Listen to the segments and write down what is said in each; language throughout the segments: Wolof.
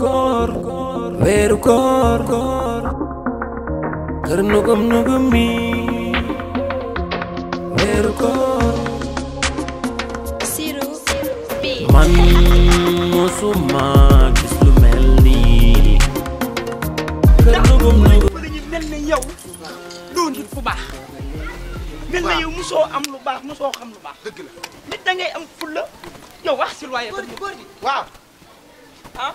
kor weeru koor kër nugum nugum mi weeru koor siru man musuma gis lu mel nii kër nugum nugum dañu mel ne yow doo nit ku baax mel na yow musoo am lu baax musoo xam lu baax dëgg la nit da ngay am fulla yow wax si loyer waaw ah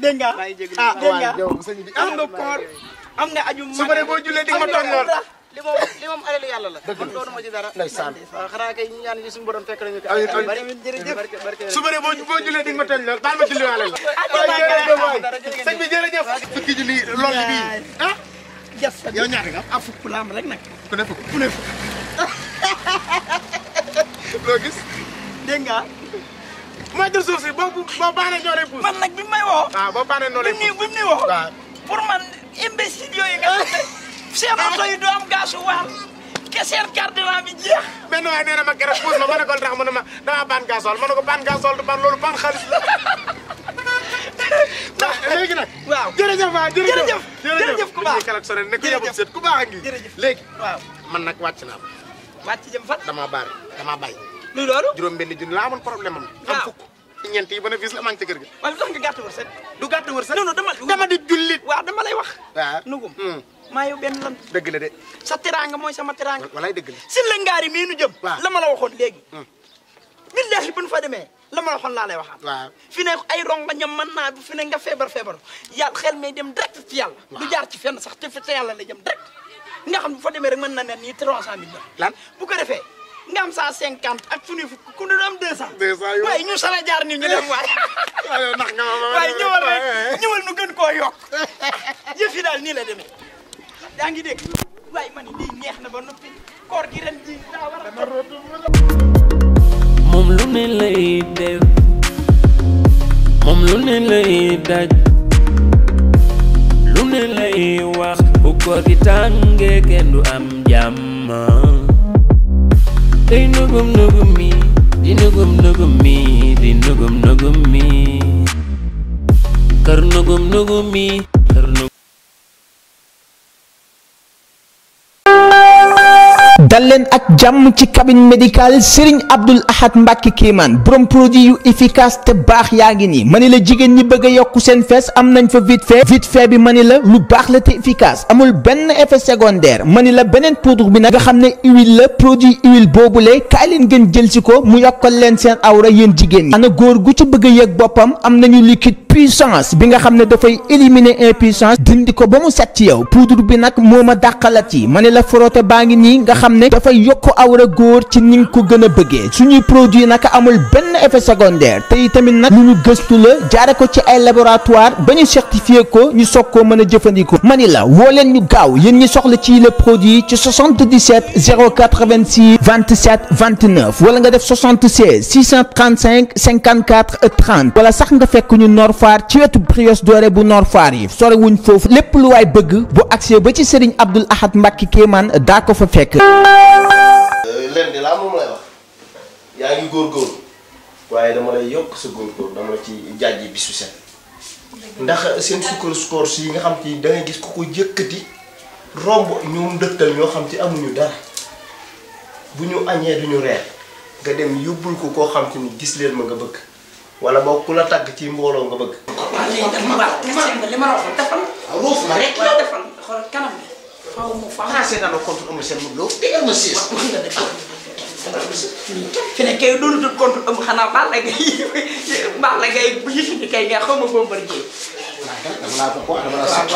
dengar ya? dengar iya, ah, ya? ah am nga koor am nga aju su ma dee boo jullee di ma tooñoon li moom li moom la man doonuma ci dara ndeysaan waaw xanaa kay ñaan ñi suñu borom fekk nañu ko bari di ma bi julli bi ah yow ñaata nga ah fukk laam rek nag ku ne ku ne gis mooy jël suuf si boo boo baanee ñoo lay man nag bi may woo. waaw ah, boo baanee ñoo lay puus bi muy woo. pour man imbécile yooyu nga xam ne seen oto yi du am gaasu waar. ke seen carburant bi jeex. benn waay nee na ma keroog puus ma ma ne ko tax ma ne ma damaa baan gasoil ma ne ko baan gasoil du baan loolu baan xaalis la. ndax léegi nag. waaw jërëjëf waaw jërëjëf jërëjëf ku baax jërëjëf kala sore ne ku yabul man nag wàcc naa. wàcc jëm fan. damaa baare damaa bàyyi. lu loolu juróom benn junni laa amoon problème am a fukk ñeent yi bénéfice la maa ngi ci kër gi waaye lu tax nga gàtt wërsëg du gàtt wërsëg non non dama lay wax waaw nugum hmm. maa yow benn lan dëgg la de sa teraanga mooy sama teraanga walaay dëgg la si la ngaari mii nu jëm la ma la waxoon léegi hmm. billahi bu nu fa demee la ma waxoon laa lay waxaat a fi ne ay ronga ñam mën naa bu fi ne nga feebar feebar yàlla xel may dem direct ci yàlla lu jaar ci fenn sax te fi te yàlla la jëm direct nga xam bu fa demee rek mën na ne nii trois cent mille lan bu ko defee nga sa 50 ak fu ku ne eh. am 200. 200 yow waaye ñu sala jaar ñu ñu dem waay. waaye ndax nga way waaye ñëwal rek ñëwal nu gën ko yokk yëf yi daal nii la demé yaa ngi dégg way man ni neex na ba nopi koor gi ren di da war a. moom lu ne lay def moom lu ne lay daj lu ne lay wax ko koor gi tangé kendo am jàmm. They no nugum me, they no nugum me, they no nugum me. Kar no nugum me, kar me. dal leen ak jàmm ci cabine médicale Serigne Abdoul Ahad Mbacke Kéemaan borom produit yu efficace te baax yaa ngi nii mani la jigéen ñi bëgg a yokk seen fees am nañ fa vite fait vite fee bi mani la lu baax la te efficace amul benn effet secondaire mani la beneen poudre bi nag nga xam ne huile la produit huile boobule kaay leen gën jël si ko mu yokkal leen seen awra yéen jigéen ñi ana góor gu ci bëgg a yëg boppam am nañu liquide puissance bi nga xam ne dafay éliminer impuissance dindi ko ba mu set ci yow poudre bi nag moo ma ne dafay yokk awra góor ci ning ko gëna bëgge bëggee suñuy produit naka amul ben effet secondaire tay tamit nak ñu gëstu la jaare ko ci ay laboratoire bañu certifier ko ñu soog mëna jëfëndiko manila wo mani leen ñu gaaw yéen ñi soxla ci le produit ci 77 086 27 29 wala nga def 76 635 54 30 wala sax nga fekk ñu norfar ci wetu prios Dorée bu norfar yi sore wuñ fofu lépp lu way bëgg bu accès ba ci Serigne Abdoul Ahad Mbacké keman da ko fa fekk Eh, leen di lamu mulai lay wax yaa ngi góorgóorlu waaye dama lay yokk sa góorgóorlu dama ci bisu sen ndax sen sukkar score yi nga xam da ngay ya, gis ku ko kedi, romb ñoom dëkkal ñoo xam te amuñu dara bu ñu añee duñu reer nga dem yóbbul ko koo xam ni gis leen ma nga bëgg wala boo ku la ci nga bëgg. ma defal. rek defal kanam xaw ah, ma fa xanaa seetaan contre Eumeu Sène Modou Lo tegal ma siis fi ne kay doonu tut contre Eumeu xanaa Balla Gaye Balla Gaye bu yëkkati kay nga xaw ma Bombardier dama laa ko dama laa sa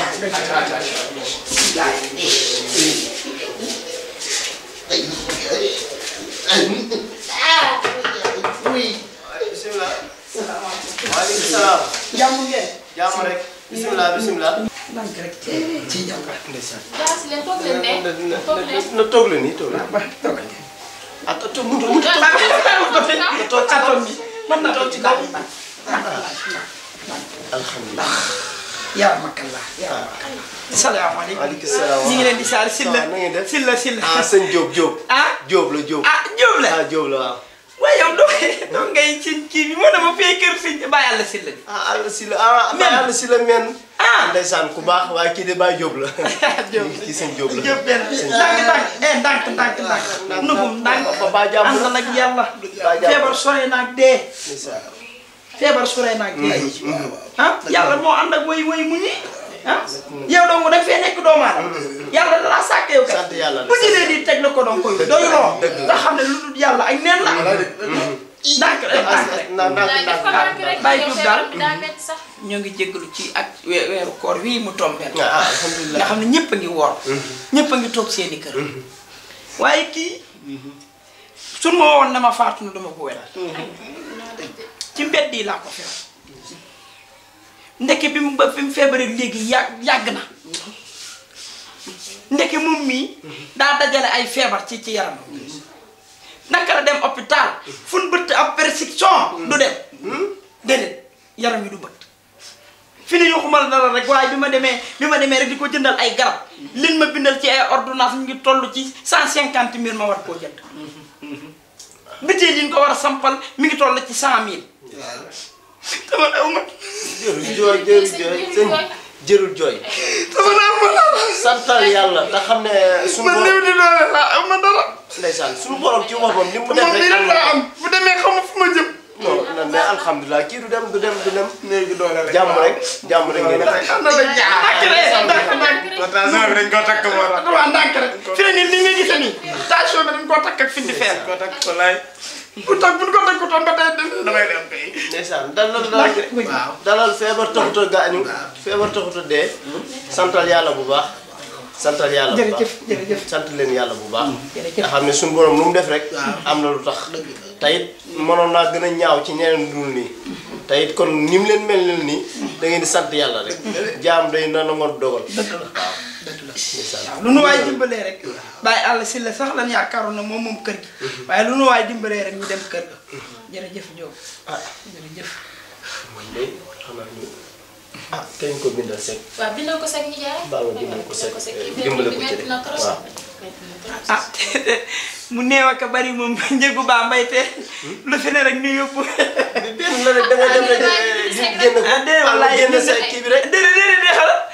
bismillah. jàmm ngeen. jàmm rek bismillah bismillah. man rek ci ñam ba ndeysaan alhamdulillah ya makallah ya makallah assalamu alaykum ngi di sal silla silla silla ah señ job job ah job la job ah job la ah job la waaye yow doo doo ngay ci kii bi moo ne ma fee kër si Baye Alla Sylla bi. ah Alla Sylla ah. men Baye Alla Sylla men. ah ndeysaan ku baax waaye kii de Baye Diop la. Diop kii sëñ Diop la Diop benn ndànk ndànk eh ndànk ndànk ndànk. nugum ndànk ba Baye Diop ànd nag yàlla. feebar sore naag dee. feebar sore naag dee. Mm-hmm. ah yàlla moo ànd ak way way mu ñii. ah yow dong da nga fee nekk doomu aadama yàlla da laa sàkk yow kat bu ñu leen di teg la ko doon koy doy roo ndax xam ne lu lu yàlla ak neen la hmm. Hmm. ndànk rek ndànk rek bàyyi tuut daal ñoo ngi jégalu ci ak weeru koor wii mu tombeel ah, ah, nga xam ne ñëpp a ngi woor hmm. ñëpp a ngi toog seeni kër waaye kii sun ma woon dama faatu na dama ko weral ci mbedd yi laa ko feew ndeke bi mu ba fi mu feebaree léegi yàgg yàgg na ndeke moom mii daa dajale ay feebar ci ci yaram naka la dem hôpital fu nu bëtt ab persiction du dem déedéet yaram yi du bëtt fi ne yuxumal dara rek waaye bi ma demee bi ma demee rek di ko jëndal ay garab liñ ma bindal ci ay ordonnance ñu ngi toll ci cent cinquante mille ma war koo jënd bitee liñ ko war a sampal mi ngi toll ci cent mille dama daw ma. jërul jooy jërul jooy sëñ jërul jooy. dama daw ma dara. santal yàlla te xam ne. suñu borom man lii di doole laa am ma dara. ndeysaan suñu borom ci waxam ni mu def rek. am na am bu demee xamu fu ma jëm. non non mais alhamdulilah kii du dem du dem du dem. léegi doole rek jàmm rek. jàmm rek ngeen na la jaar. attention bi koo takk moom. waaw ndànk rek fi ne nii ni nga gisee nii. station bi dañ koo takk ak fi di feer. koo takk ko bu tag bu ñu ko tëkkutoon ba tey damay dem dalal dalal feebar taxut gaañu. feebar taxut a dee. santal yàlla bu baax. santal yàlla bu baax sant leen yàlla bu baax. nga xam ne suñu borom lu mu def rek. am na lu tax. tayit mënoon naa gën a ñaaw ci ñeneen dul nii. tayit kon ni leen mel nii. da ngeen di sant yàlla rek. jaam day na nangoon dogal. waaw. waaw lu nu waay dimbalee rek bàyyi àll si la sax lan yaakaaroon na moom moom kër gi mhm. waaye lu nu waay dimbalee rek ñu dem kër ga mhm. ah jërëjëf man ah, ko bindal sec waaw bindal ko sec ñu jaay baa bari moom njëgu baa mbay te hmm? lu fi ne ñu yóbbu benn la rek da dem rek génn ko ah, rek déedéet déedéet xala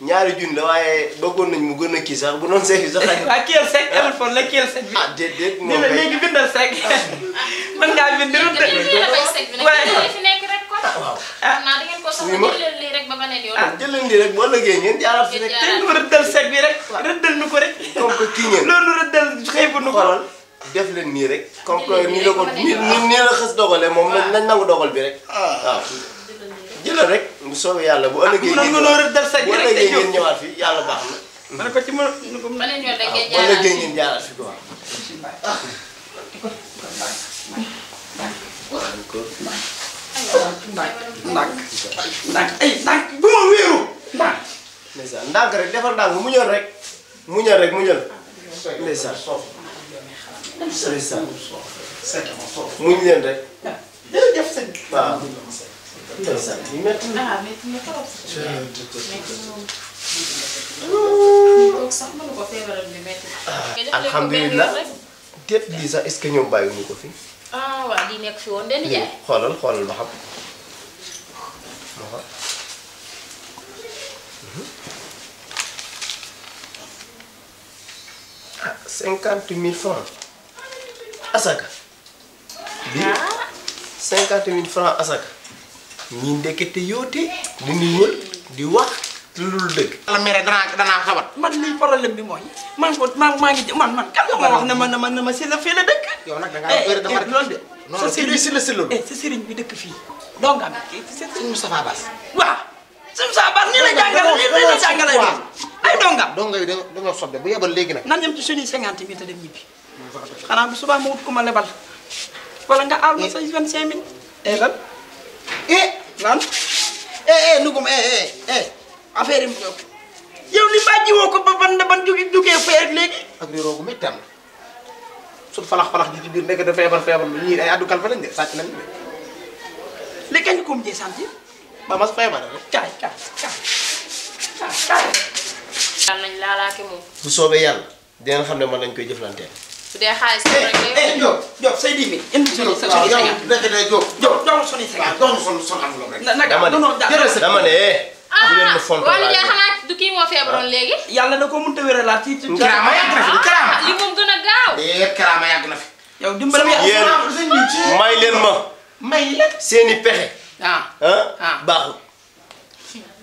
ñaari junni la waaye bëggoon nañ mu gën a kii sax bu noonu seeg sax. ah kii yëpp seeg amul fon la kii yëpp seeg bi. ah déedéet moom kay léegi bindal ah, seeg mën ngaa bind. Ah, ah, ah jël leen lii rek boo lëggee ngeen jaaraat fi rek. te ñu rëddal seeg bi rek. rëddal nu ko rek. comme que kii ngeen loolu rëddal xëy bu nu ko. xoolal def leen nii rek. comme que nii ko nii la xës dogalee moom nañ nangu dogal bi rek waaw jëlal rek bu soobee yàlla bu ëllëgee. ah mun na mënoo bi saj rek baax na. ma ne ko ci ma. ma ne ñoo déggee ah, jaaraat wala ngeen jaaraat si quoi. ndànk ndànk ndànk ay ndànk bu ma wéeru ndànk. ndeysaan ndànk rek defal ndànk mu ñor rek mu ñor rek mu ñor. ndeysaan ndeysaan muñ leen rek. jërëjëf sëñ bi waaw. ndeysaan métti na. Ah, Ah, alhamdulilah déet lii sax est-ce que ñoom ko fi. Ah, nekk fi woon den xoolal xoolal ba xam. ah cinquante mille francs asaka. bi ah. cinquante mille francs asaka. ñi ndekete yóote mu ngi wër di wax. lu dul dëgg la mere danaa danaa xabat man lii problème bi mooy man ko maa maa ngi man man kan nga ma wax ne ma ne ma ne ma si la fii eh dëkk yow nag da ngaa bëri dafa loolu de sa sëriñ si la si eh sa sëriñ bi dëkk fii doo nga am kii sëriñ Moustapha Bass waaw sëriñ Moustapha Bass nii la jàngale nii la jàngale ay dongam donga yi dañoo sobe bu yebal léegi nag nan ñam ci suñuy cinquante mille te dem ñibbi xanaa bu subaa ma wut ku ma lebal wala nga aal ma sa vingt-cinq mille eh lan eh lan eh eh nugum eh eh eh affaire yi mu ñor yow li bàjji woo ko ba ban ban jóge jógee fee ak li roogu méttam su falax falax ji ci biir nekk da feebar feebar lu ñuy ay addu kalfa de sàcc nañ de. léegi kañ ko mujjee sant Mamas feebar rek kaay kaay kaay kaay kaay. bu soobee yàlla dinañ xam ne man lañ koy jëflanteel. rek de. eh eh Diop Diop say dix mille. dama ne. bu leen ah, ma fonto wala xanaa du kii moo feebaroon ah, léegi. yàlla na ko mënut a wéralaat ci ci. karaama yàgg na fi ah, karaama li moom gën na fi. yow dimbali may leen ma. may leen seen i pexe. ah ah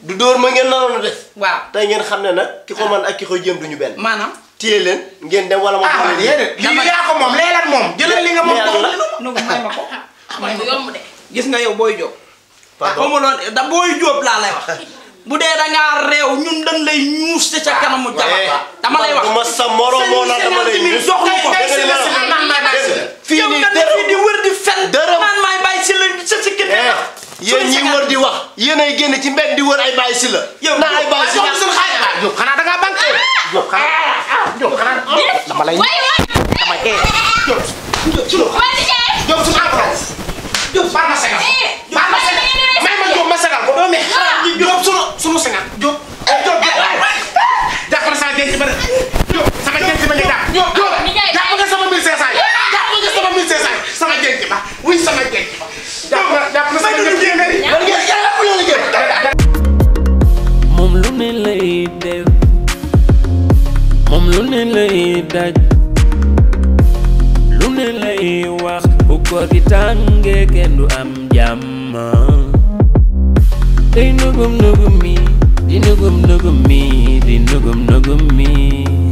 du dóor ma ngeen naroon a def. waaw tey ne nag. ki ko man ak ki ko jëm duñu maanaam. téye leen ngeen wala. ah man déedéet moom leeral moom. jëlal li nga moom dox li nga moom. nga yow booy jóob. pardon ah xaw ma noonu da booy jóob laa lay wax. bu dee da nga réew ñun dañ lay ñuus ca kanamu jabata dama lay wax sa morom moo naan dama lay ñuus jox ko fii nii di wër di fen dërëm man maay bàyyi si la sa si gën yéen ñi wër di wax yéen ay ci mbedd di wër ay bàyyi si la na ay bàyyi si la da ngaa banque yow xanaa yow xanaa dama lay ñuus moom lu ne lay def moom lu ne lay daj lu ne lay wax bu nugum nugum mi nugum nugum mi nugum nugum